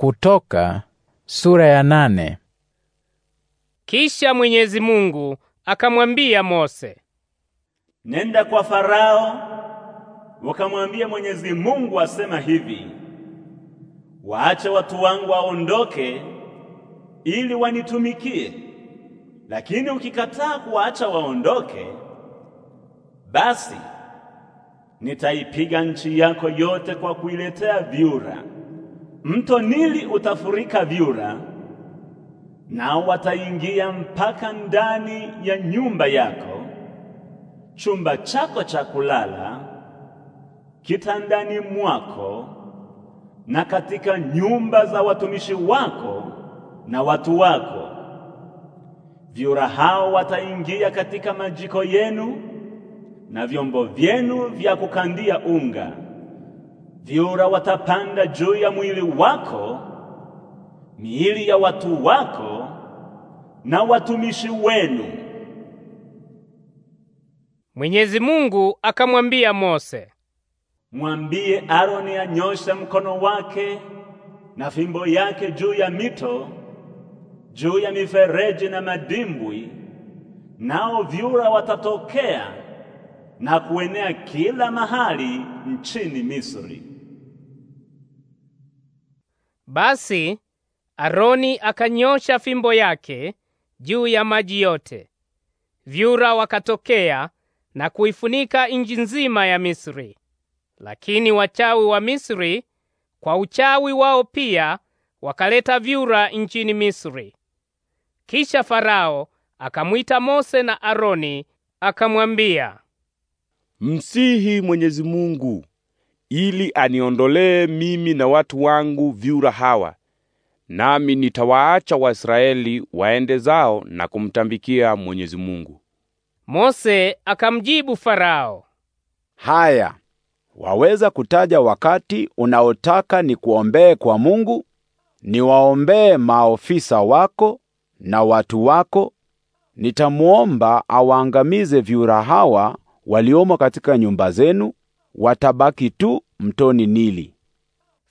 Kutoka sura ya nane. Kisha Mwenyezi Mungu akamwambia Mose, nenda kwa Farao ukamwambie Mwenyezi Mungu asema hivi, waache watu wangu waondoke ili wanitumikie. Lakini ukikataa kuwaacha waondoke, basi nitaipiga nchi yako yote kwa kuiletea vyura Mto Nili utafurika vyura nao wataingia mpaka ndani ya nyumba yako, chumba chako cha kulala, kitandani mwako, na katika nyumba za watumishi wako na watu wako. Vyura hao wataingia katika majiko yenu na vyombo vyenu vya kukandia unga vyura watapanda juu ya mwili wako, miili ya watu wako na watumishi wenu. Mwenyezi Mungu akamwambia Mose, mwambie Aroni anyoshe mkono wake na fimbo yake juu ya mito, juu ya mifereji na madimbwi, nao vyura watatokea na kuenea kila mahali nchini Misri. Basi Aroni akanyosha fimbo yake juu ya maji yote, vyura wakatokea na kuifunika nchi nzima ya Misri. Lakini wachawi wa Misri kwa uchawi wao pia wakaleta vyura nchini Misri. Kisha Farao akamwita Mose na Aroni akamwambia, Msihi Mwenyezi Mungu ili aniondolee mimi na watu wangu vyura hawa, nami nitawaacha Waisraeli waende zao na kumtambikia Mwenyezi Mungu. Mose akamjibu Farao, haya, waweza kutaja wakati unaotaka nikuombee kwa Mungu? Niwaombee maofisa wako na watu wako. Nitamuomba awaangamize vyura hawa waliomo katika nyumba zenu watabaki tu mtoni Nili.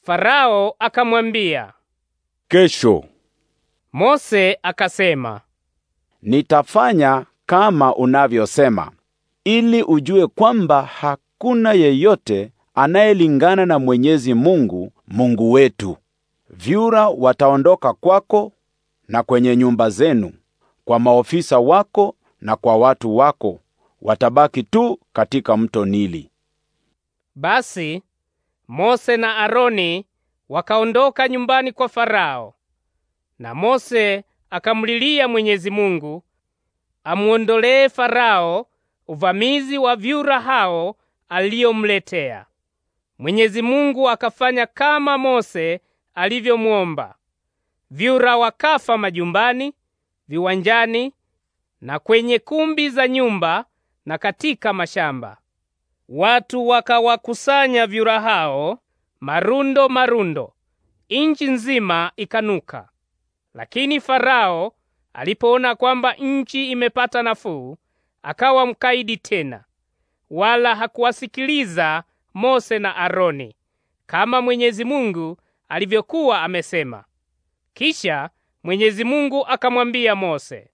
Farao akamwambia, kesho. Mose akasema, nitafanya kama unavyosema, ili ujue kwamba hakuna yeyote anayelingana na Mwenyezi Mungu, Mungu wetu. Vyura wataondoka kwako na kwenye nyumba zenu, kwa maofisa wako na kwa watu wako, watabaki tu katika mto Nili. Basi Mose na Aroni wakaondoka nyumbani kwa Farao, na Mose akamlilia Mwenyezi Mungu amuondolee Farao uvamizi wa vyura hao aliyomletea. Mwenyezi Mungu akafanya kama Mose alivyomuomba. Vyura wakafa majumbani, viwanjani na kwenye kumbi za nyumba na katika mashamba. Watu wakawakusanya vyura hao marundo marundo, inchi nzima ikanuka. Lakini Farao alipoona kwamba nchi imepata nafuu, akawa mkaidi tena, wala hakuwasikiliza Mose na Aroni kama Mwenyezi Mungu alivyokuwa amesema. Kisha Mwenyezi Mungu akamwambia Mose,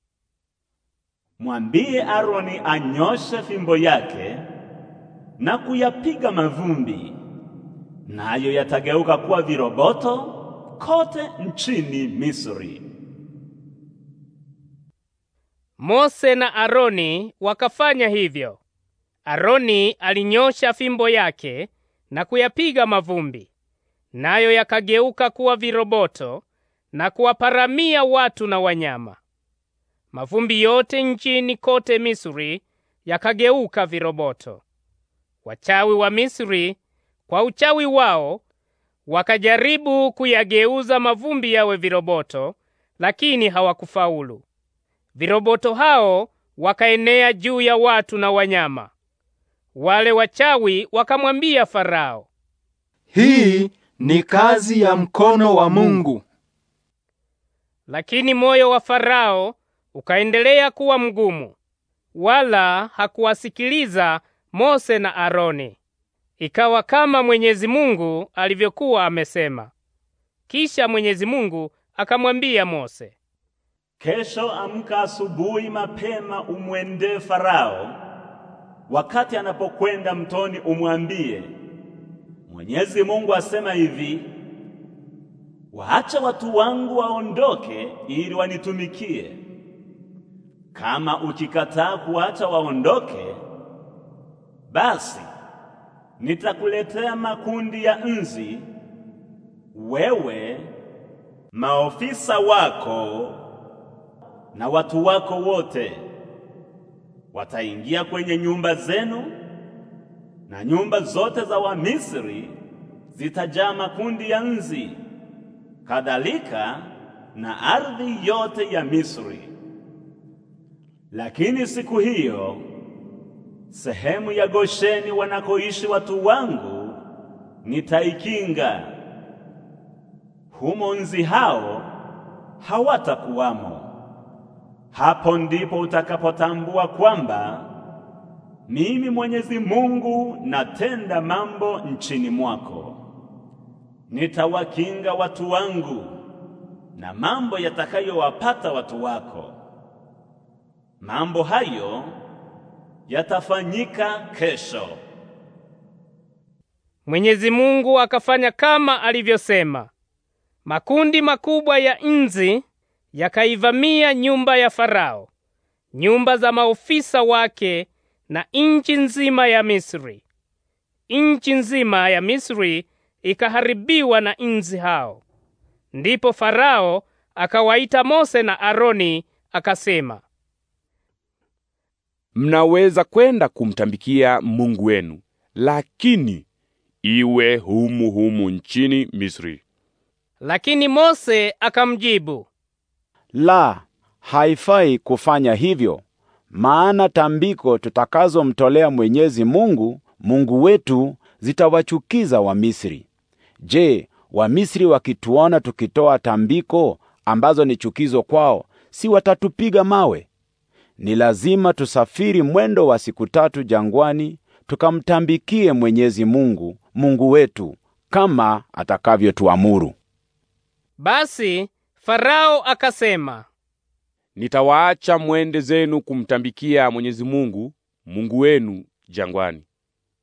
mwambie Aroni anyoshe fimbo yake na kuyapiga mavumbi, nayo na yatageuka kuwa viroboto kote nchini Misri. Mose na Aroni wakafanya hivyo. Aroni alinyosha fimbo yake na kuyapiga mavumbi, nayo na yakageuka kuwa viroboto na kuwaparamia watu na wanyama. Mavumbi yote nchini kote Misri yakageuka viroboto. Wachawi wa Misri kwa uchawi wao wakajaribu kuyageuza mavumbi yawe viroboto, lakini hawakufaulu. Viroboto hao wakaenea juu ya watu na wanyama. Wale wachawi wakamwambia Farao, hii ni kazi ya mkono wa Mungu. Lakini moyo wa Farao ukaendelea kuwa mgumu, wala hakuwasikiliza Mose na Aroni. Ikawa kama Mwenyezi Mungu alivyokuwa amesema. Kisha Mwenyezi Mungu akamwambia Mose, Kesho amka asubuhi mapema umwende Farao. Wakati anapokwenda mtoni umwambie, Mwenyezi Mungu asema hivi, waacha watu wangu waondoke ili wanitumikie. Kama ukikataa kuacha waondoke, basi nitakuletea makundi ya nzi, wewe maofisa wako na watu wako wote. Wataingia kwenye nyumba zenu na nyumba zote za Wamisri zitajaa makundi ya nzi, kadhalika na ardhi yote ya Misri. Lakini siku hiyo sehemu ya Gosheni wanakoishi watu wangu nitaikinga, humo nzi hao hawatakuwamo. Hapo ndipo utakapotambua kwamba mimi Mwenyezi Mungu natenda mambo nchini mwako. Nitawakinga watu wangu na mambo yatakayowapata watu wako. Mambo hayo yatafanyika kesho. Mwenyezi Mungu akafanya kama alivyosema. Makundi makubwa ya inzi yakaivamia nyumba ya Farao, nyumba za maofisa wake na inchi nzima ya Misri. Inchi nzima ya Misri ikaharibiwa na inzi hao. Ndipo Farao akawaita Mose na Aroni akasema, mnaweza kwenda kumtambikia Mungu wenu, lakini iwe humu humu nchini Misri. Lakini Mose akamjibu, la, haifai kufanya hivyo, maana tambiko tutakazomtolea Mwenyezi Mungu Mungu wetu zitawachukiza Misri. Je, Misri wakituona tukitoa tambiko ambazo ni chukizo kwao, si watatupiga mawe? ni lazima tusafiri mwendo wa siku tatu jangwani, tukamtambikie Mwenyezi Mungu, Mungu wetu, kama atakavyotuamuru. Basi Farao akasema, nitawaacha mwende zenu kumtambikia Mwenyezi Mungu, Mungu wenu jangwani,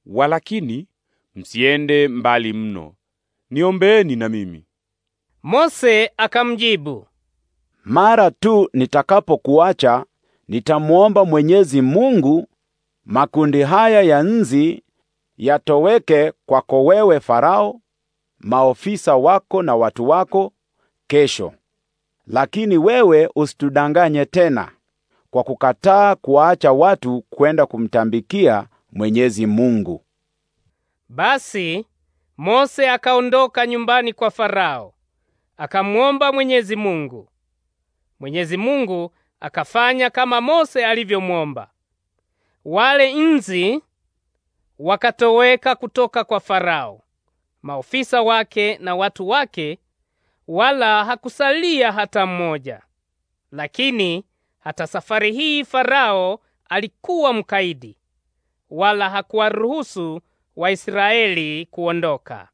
walakini msiende mbali mno, niombeeni na mimi. Mose akamjibu, mara tu nitakapokuacha nitamwomba Mwenyezi Mungu makundi haya ya nzi yatoweke kwako wewe Farao, maofisa wako na watu wako kesho. Lakini wewe usitudanganye tena kwa kukataa kuacha watu kwenda kumtambikia Mwenyezi Mungu. Basi Mose akaondoka nyumbani kwa Farao, akamwomba Mwenyezi Mungu. Mwenyezi Mungu akafanya kama Mose alivyomwomba. Wale nzi wakatoweka kutoka kwa Farao, maofisa wake na watu wake, wala hakusalia hata mmoja. Lakini hata safari hii Farao alikuwa mkaidi, wala hakuwaruhusu Waisraeli kuondoka.